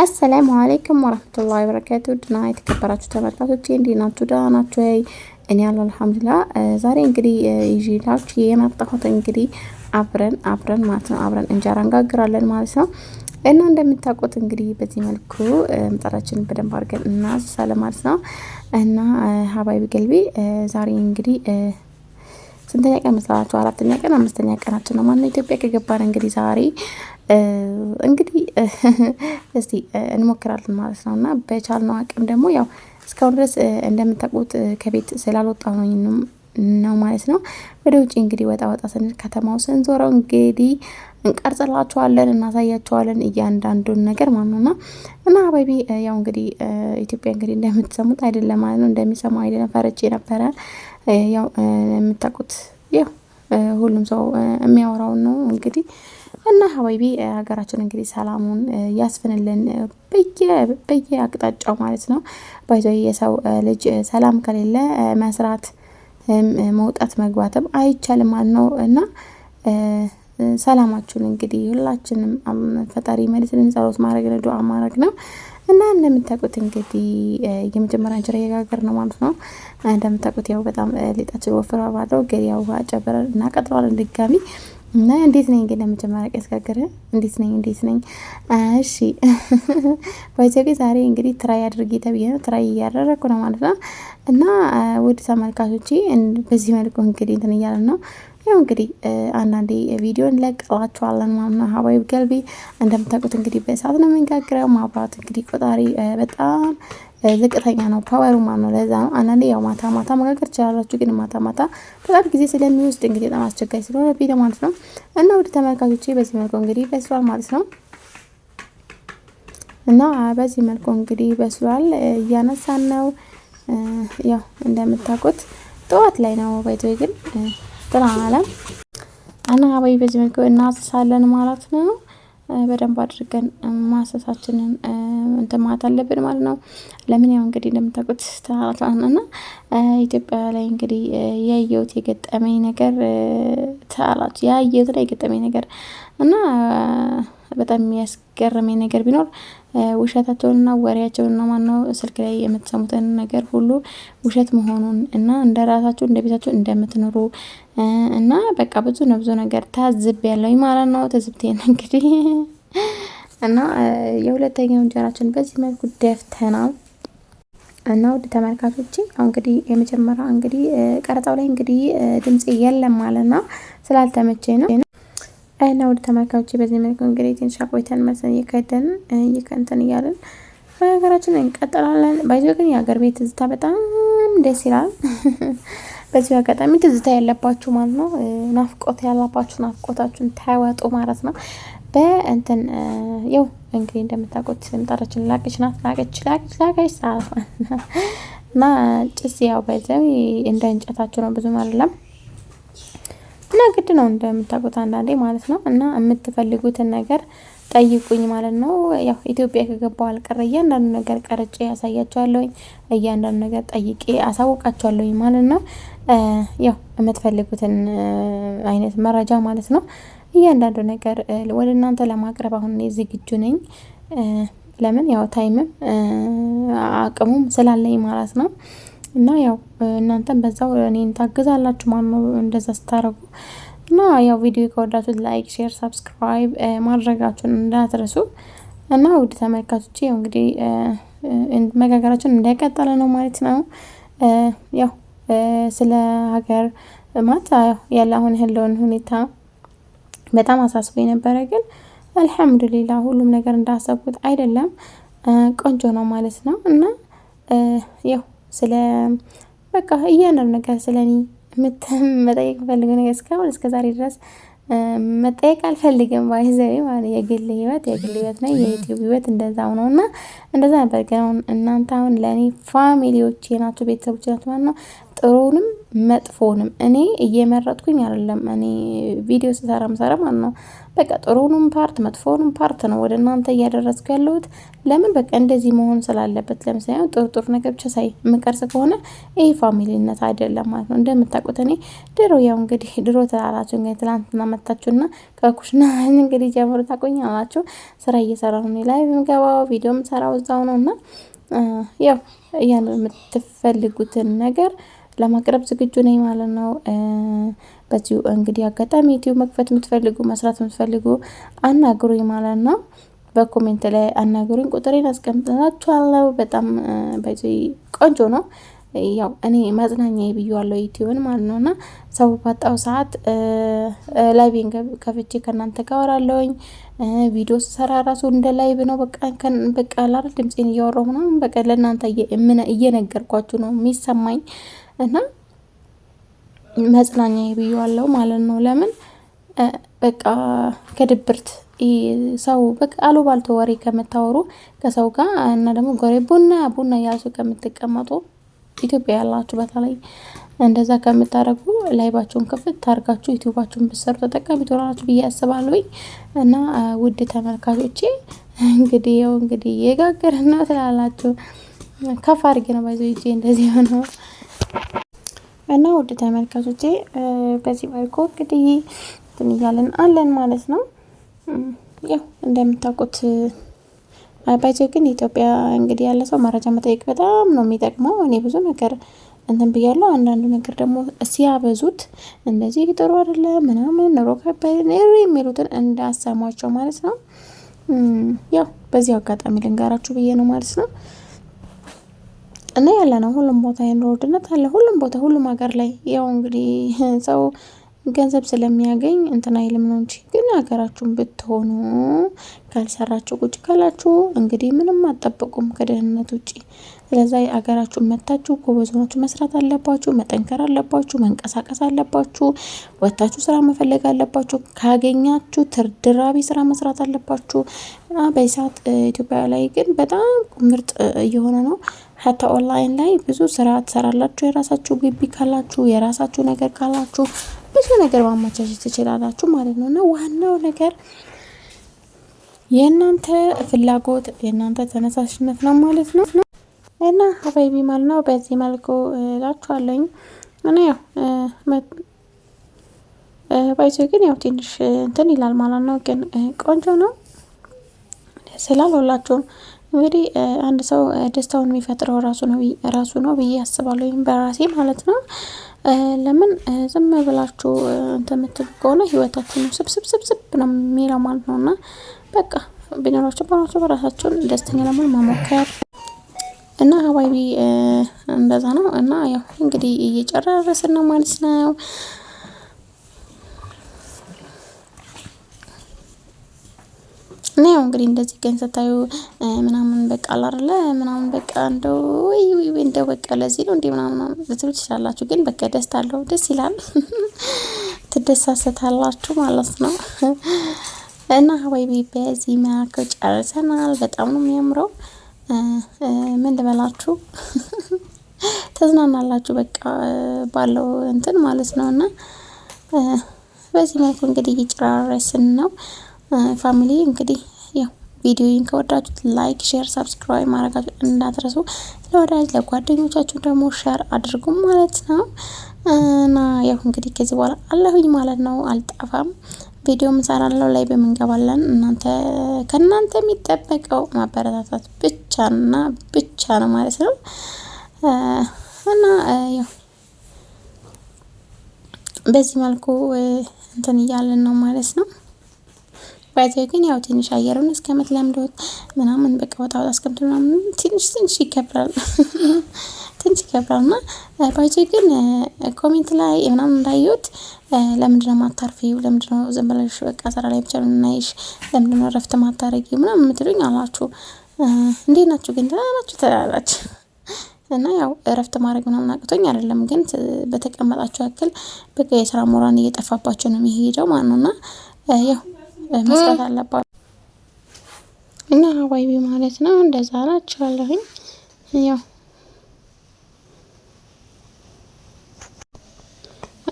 አሰላሙ አለይኩም ወራህመቱላሂ ወበረካቱ ድና የተከበራችሁ ተመልካቾች እንዴት ናችሁ? ደህና ናችሁ እኔ ያለው አልሐምዱሊላህ። ዛሬ እንግዲህ ይዤላችሁ የመጣሁት እንግዲህ አብረን አብረን ማለት ነው አብረን እንጀራ እንጋግራለን ማለት ነው። እና እንደምታውቁት እንግዲህ በዚህ መልኩ ምጣዳችንን በደንብ አድርገን እናስሳለን ማለት ነው። እና ሀባይቢ ገልቢ ዛሬ እንግዲህ ስንተኛ ቀን መስላችሁ? አራተኛ ቀን አምስተኛ ቀናችን ነው ማለት ነው ኢትዮጵያ ከገባን እንግዲህ ዛሬ እንግዲህ እስቲ እንሞክራለን ማለት ነው እና በቻልነው አቅም ደግሞ ያው እስካሁን ድረስ እንደምታውቁት ከቤት ስላልወጣ ነው ነው ማለት ነው። ወደ ውጭ እንግዲህ ወጣ ወጣ ስንል ከተማው ስንዞረው እንግዲህ እንቀርጽላችኋለን፣ እናሳያችኋለን እያንዳንዱን ነገር ማለት ነው። እና አባቢ ያው እንግዲህ ኢትዮጵያ እንግዲህ እንደምትሰሙት አይደለም ማለት ነው እንደሚሰማው አይደለም። ፈርቼ ነበረ ያው የምታውቁት ያው ሁሉም ሰው የሚያወራውን ነው እንግዲህ እና ሀባይቢ ሀገራችን እንግዲህ ሰላሙን ያስፍንልን በየ አቅጣጫው ማለት ነው። ባይዞ የሰው ልጅ ሰላም ከሌለ መስራት መውጣት መግባትም አይቻልም ማለት ነው እና ሰላማችሁን እንግዲህ ሁላችንም ፈጣሪ መልስልን ጸሎት ማድረግ ነው፣ ዱዓ ማድረግ ነው እና እንደምታውቁት እንግዲህ የመጀመሪያ እንጀራ እየጋገር ነው ማለት ነው። እንደምታውቁት ያው በጣም ሊጣችን ወፍራ ባለው ገሪያ ጨበረ እና ቀጥሏል ድጋሚ እና እንዴት ነኝ ግን ለመጀመሪያ ቀስጋገረ እንዴት ነኝ እንዴት ነኝ? እሺ ባይዘጌ ዛሬ እንግዲህ ትራይ አድርጌ ተብዬ ነው ትራይ እያደረግኩ ነው ማለት ነው። እና ውድ ተመልካቾቼ በዚህ መልኩ እንግዲህ እንትን እያለን ነው ያው እንግዲህ አንዳንዴ ቪዲዮ እንለቅላችኋለን ማለት ነው። ሀባይ ገልቢ እንደምታውቁት እንግዲህ በእሳት ነው የምንጋግረው። ማብራት እንግዲህ ቆጣሪ በጣም ዝቅተኛ ነው ፓወሩ ማነው ነው። ለዛ ነው አንዳንዴ ያው ማታ ማታ መጋገር ትችላላችሁ፣ ግን ማታ ማታ በጣም ጊዜ ስለሚወስድ እንግዲህ በጣም አስቸጋሪ ስለሆነ ቪዲዮ ማለት ነው እና ወደ ተመልካቾች በዚህ መልኩ እንግዲህ በስሏል ማለት ነው እና በዚህ መልኩ እንግዲህ በስሏል እያነሳን ነው። ያው እንደምታውቁት ጠዋት ላይ ነው ባይቶ ግን ጥራ አለም እና በዚህ መልኩ እናስሳለን ማለት ነው። በደንብ አድርገን ማሰሳችንን እንትን ማለት አለብን ማለት ነው። ለምን ያው እንግዲህ እንደምታውቁት ተራራቷን እና ኢትዮጵያ ላይ እንግዲህ ያየሁት የገጠመኝ ነገር ተራራች ያየሁት ላይ የገጠመኝ ነገር እና በጣም የሚያስገርመኝ ነገር ቢኖር ውሸታቸውንና ወሬያቸውንና ማነው ስልክ ላይ የምትሰሙትን ነገር ሁሉ ውሸት መሆኑን እና እንደ ራሳቸው እንደ ቤታቸው እንደምትኖሩ እና በቃ ብዙ ነብዙ ነገር ታዝብ ያለው ማለት ነው። ትዝብቴን እንግዲህ እና የሁለተኛው እንጀራችን በዚህ መልኩ ደፍተናል። እና ውድ ተመልካቾች ያው እንግዲህ የመጀመሪያ እንግዲህ ቀረጻው ላይ እንግዲህ ድምጽ የለም ማለት ነው፣ ስላልተመቼ ነው። እና ወደ ተመልካዮች በዚህ መልኩ እንግዲህ ትንሽ ቆይተን መሰን እየከደን እየከንተን እያለን በሀገራችን እንቀጥላለን። ባይዞ ግን የሀገር ቤት ትዝታ በጣም ደስ ይላል። በዚሁ አጋጣሚ ትዝታ ያለባችሁ ማለት ነው፣ ናፍቆት ያለባችሁ ናፍቆታችሁን ተወጡ ማለት ነው። በእንትን ያው እንግዲህ እንደምታውቁት ምጣዳችን ላቀች ናት፣ ላቀች ላቀች ላቀች እና ጭስ ያው በዚያው እንደ እንጨታችሁ ነው ብዙም አይደለም። እና ግድ ነው እንደምታውቁት አንዳንዴ ማለት ነው። እና የምትፈልጉትን ነገር ጠይቁኝ ማለት ነው። ያው ኢትዮጵያ ከገባው አልቀረ እያንዳንዱ ነገር ቀርጬ ያሳያቸዋለሁኝ፣ እያንዳንዱ ነገር ጠይቄ አሳውቃቸዋለሁኝ ማለት ነው። ያው የምትፈልጉትን አይነት መረጃ ማለት ነው እያንዳንዱ ነገር ወደ እናንተ ለማቅረብ አሁን ዝግጁ ነኝ። ለምን ያው ታይምም አቅሙም ስላለኝ ማለት ነው። እና ያው እናንተም በዛው እኔን ታግዛላችሁ ማለት ነው እንደዛ ስታረጉ እና ያው ቪዲዮ ከወዳችሁት ላይክ፣ ሼር፣ ሰብስክራይብ ማድረጋችሁን እንዳትረሱ እና ውድ ተመልካቾች ያው እንግዲህ መጋገራችን እንዳይቀጠለ ነው ማለት ነው። ያው ስለ ሀገር ማለት ያለ አሁን ያለውን ሁኔታ በጣም አሳስቦ የነበረ ግን አልሐምዱሊላ ሁሉም ነገር እንዳሰብኩት አይደለም፣ ቆንጆ ነው ማለት ነው እና ያው ስለ በቃ እያንዳንዱ ነገር ስለ እኔ መጠየቅ የምፈልገው ነገር እስካሁን እስከ ዛሬ ድረስ መጠየቅ አልፈልግም። ባይዘዊ የግል ህይወት የግል ህይወት ነው። የዩቲዩብ ህይወት እንደዛው ነው እና እንደዛ ነበር። ግን አሁን እናንተ አሁን ለእኔ ፋሚሊዎቼ ናችሁ፣ ቤተሰቦቼ ናችሁ ማለት ነው ጥሩንም መጥፎንም እኔ እየመረጥኩኝ አይደለም። እኔ ቪዲዮ ስሰራ ምሰራ ማለት ነው በቃ ጥሩንም ፓርት መጥፎንም ፓርት ነው ወደ እናንተ እያደረስኩ ያለሁት። ለምን በቃ እንደዚህ መሆን ስላለበት። ለምሳሌ ጥሩ ጥሩ ነገር ብቻ ሳይ የምቀርጽ ከሆነ ይህ ፋሚሊነት አይደለም ማለት ነው። እንደምታውቁት እኔ ድሮ ያው እንግዲህ ድሮ ትላላችሁ እንግዲህ ትላንትና መታችሁና ከኩሽና እንግዲህ ጀምሮ ታቆኝ አላችሁ። ስራ እየሰራ ነው ላይ የምገባው ቪዲዮ የምሰራው እዛው ነው እና ያው ያን የምትፈልጉትን ነገር ለማቅረብ ዝግጁ ነኝ ማለት ነው። በዚሁ እንግዲህ አጋጣሚ ዩቲዩብ መክፈት የምትፈልጉ መስራት የምትፈልጉ አናግሩኝ ማለት ነው። በኮሜንት ላይ አናግሩኝ፣ ቁጥሬን አስቀምጥላችኋለሁ። በጣም ቆንጆ ነው። ያው እኔ መጽናኛ ብያዋለሁ ዩቲዩብን ማለት ነው እና ሰው ባጣው ሰዓት ላይቪን ከፍቼ ከእናንተ ጋር አወራለሁኝ። ቪዲዮ ስሰራ ራሱ እንደ ላይቭ ነው። በቃ በቃ ላር ድምፄን እያወራሁ ምናምን በቃ ለእናንተ እየነገርኳችሁ ነው የሚሰማኝ እና መጽናኛ ብያዋለሁ ማለት ነው። ለምን በቃ ከድብርት ሰው በቃ አሉባልቶ ወሬ ከምታወሩ ከሰው ጋር እና ደግሞ ጎሬ ቡና ቡና እያልሱ ከምትቀመጡ ኢትዮጵያ ያላችሁ በተለይ እንደዛ ከምታደረጉ ላይባችሁን ክፍት ታርጋችሁ ዩቲዩባችሁን ብሰሩ ተጠቃሚ ትሆናላችሁ ብዬ አስባለሁኝ። እና ውድ ተመልካቾቼ እንግዲህ ያው እንግዲህ የጋገር ነው ትላላችሁ። ከፍ አድርጌ ነው ባይዘ ይዤ እንደዚህ ሆነው እና ውድ ተመልካቾቼ በዚህ መልኩ እንግዲህ እንትን እያለን አለን ማለት ነው። ያው እንደምታውቁት ባይዘው ግን ኢትዮጵያ እንግዲህ ያለ ሰው መረጃ መጠየቅ በጣም ነው የሚጠቅመው። እኔ ብዙ ነገር እንትን ብያለሁ። አንዳንዱ ነገር ደግሞ ሲያበዙት እንደዚህ ጥሩ አይደለም ምናምን ኑሮ ከባድ የሚሉትን እንዳሰሟቸው ማለት ነው። ያው በዚህ አጋጣሚ ልንገራችሁ ብዬ ነው ማለት ነው። እና ያለ ነው ሁሉም ቦታ የኑሮ ውድነት አለ። ሁሉም ቦታ ሁሉም ሀገር ላይ ያው እንግዲህ ሰው ገንዘብ ስለሚያገኝ እንትን አይልም ነው እንጂ ግን ሀገራችሁን ብትሆኑ ካልሰራችሁ ቁጭ ካላችሁ እንግዲህ ምንም አጠብቁም ከደህንነት ውጭ። ስለዛ ሀገራችሁን መታችሁ ጎበዝ መስራት አለባችሁ፣ መጠንከር አለባችሁ፣ መንቀሳቀስ አለባችሁ፣ ወታችሁ ስራ መፈለግ አለባችሁ። ካገኛችሁ ትርድራቢ ስራ መስራት አለባችሁ። በዚህ ሰዓት ኢትዮጵያ ላይ ግን በጣም ምርጥ እየሆነ ነው። ሀታ ኦንላይን ላይ ብዙ ስራ ትሰራላችሁ። የራሳችሁ ግቢ ካላችሁ፣ የራሳችሁ ነገር ካላችሁ ብዙ ነገር ማመቻቸት ትችላላችሁ ማለት ነው እና ዋናው ነገር የእናንተ ፍላጎት የእናንተ ተነሳሽነት ነው ማለት ነው እና ሀባይቢ ማለት ነው። በዚህ መልኩ እላችኋለኝ እና ያው ባይቶ ግን ያው ትንሽ እንትን ይላል ማለት ነው፣ ግን ቆንጆ ነው ስላልሁላችሁም እንግዲህ አንድ ሰው ደስታውን የሚፈጥረው ራሱ ነው ራሱ ነው ብዬ አስባለሁ፣ ወይም በራሴ ማለት ነው። ለምን ዝም ብላችሁ እንትን የምትሉ ከሆነ ህይወታችሁን ስብስብስብስብ ነው የሚለው ማለት ነው። እና በቃ ቢኖራቸው በራሱ በራሳቸውን ደስተኛ ለምን መሞከር እና ሀባይቢ እንደዛ ነው። እና ያው እንግዲህ እየጨረረስን ነው ማለት ነው። እና ያው እንግዲህ እንደዚህ ገኝ ስታዩ ምናምን በቃ አላርለ ምናምን በቃ እንደው ወይ ወይ እንደው በቃ ለዚህ ነው እንዲህ ምናምን ልትሉ ትችላላችሁ። ግን በቃ ደስታ አለው፣ ደስ ይላል፣ ትደሳሰታላችሁ ማለት ነው። እና ሀዋይ ቤ በዚህ መልኩ ጨርሰናል። በጣም ነው የሚያምረው። ምን ልበላችሁ ተዝናናላችሁ በቃ ባለው እንትን ማለት ነው። እና በዚህ መልኩ እንግዲህ እየጨራረስን ነው። ፋሚሊ እንግዲህ ያው ቪዲዮውን ከወዳችሁት ላይክ፣ ሼር፣ ሰብስክራይብ ማድረጋችሁ እንዳትረሱ። ለወዳጅ ለጓደኞቻችሁ ደግሞ ሼር አድርጉ ማለት ነው እና ያው እንግዲህ ከዚህ በኋላ አለሁኝ ማለት ነው። አልጠፋም፣ ቪዲዮም እንሰራለሁ፣ ላይ በምንገባለን። እናንተ ከእናንተ የሚጠበቀው ማበረታታት ብቻና ብቻ ነው ማለት ነው እና ያው በዚህ መልኩ እንትን እያለን ነው ማለት ነው። በዚያ ግን ያው ትንሽ አየሩን እስከምትለምዶት ምናምን በቃ ወጣ ወጣ እስከምት ምናምን ትንሽ ትንሽ ይከብራል ትንሽ ይከብራል። እና ባይጄ ግን ኮሜንት ላይ ምናምን እንዳየሁት ለምንድነው ማታርፊው? ለምንድነው ዝም ብለሽ በቃ ስራ ላይ ብቻ ምናይሽ? ለምንድነው ረፍት ማታረጊ ምናምን የምትሉኝ አላችሁ። እንዴት ናችሁ ግን ደህና ናችሁ ትላላችሁ እና ያው እረፍት ማድረግ ምናምን አቅቶኝ አይደለም፣ ግን በተቀመጣቸው ያክል በቃ የስራ ሞራን እየጠፋባቸው ነው የሚሄደው ማለት ነው እና ያው መስራት አለባቸው እና ሀዋይቢ ማለት ነው። እንደዛ ናችኋለሁኝ ያው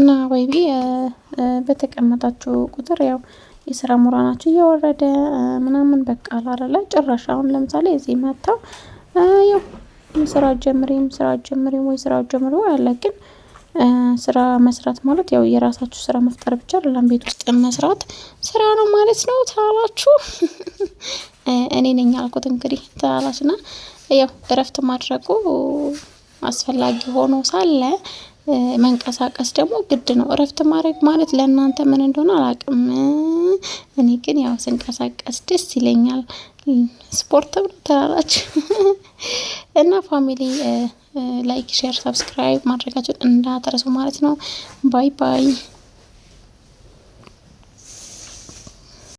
እና ሀዋይቢ በተቀመጣችሁ ቁጥር ያው የስራ ሙራናችሁ እየወረደ ምናምን በቃ አላረላ ጭራሽ አሁን ለምሳሌ እዚህ መጥተው ያው ስራ ጀምሪም ስራ ጀምሪም ወይ ስራ ጀምሪ አለ ግን ስራ መስራት ማለት ያው የራሳችሁ ስራ መፍጠር ብቻ አይደለም፣ ቤት ውስጥ መስራት ስራ ነው ማለት ነው ታላችሁ። እኔ ነኝ አልኩት እንግዲህ ታላችና ያው እረፍት ማድረጉ አስፈላጊ ሆኖ ሳለ መንቀሳቀስ ደግሞ ግድ ነው። እረፍት ማድረግ ማለት ለእናንተ ምን እንደሆነ አላቅም። እኔ ግን ያው ስንቀሳቀስ ደስ ይለኛል። ስፖርት ብሎ ተላላች እና ፋሚሊ ላይክ፣ ሼር፣ ሰብስክራይብ ማድረጋችሁን እንዳትረሱ ማለት ነው። ባይ ባይ።